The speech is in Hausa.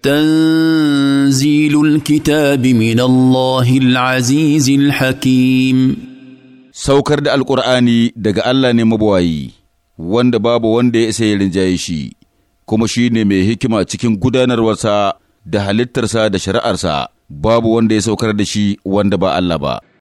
Tanzilul kitabi من الله العزيز saukar da Alƙur'ani daga Allah ne mabuwayi wanda babu wanda ya isa ya rinjaye shi kuma shi ne mai hikima cikin gudanarwarsa da halittarsa da shari'arsa babu wanda ya saukar da shi wanda ba Allah ba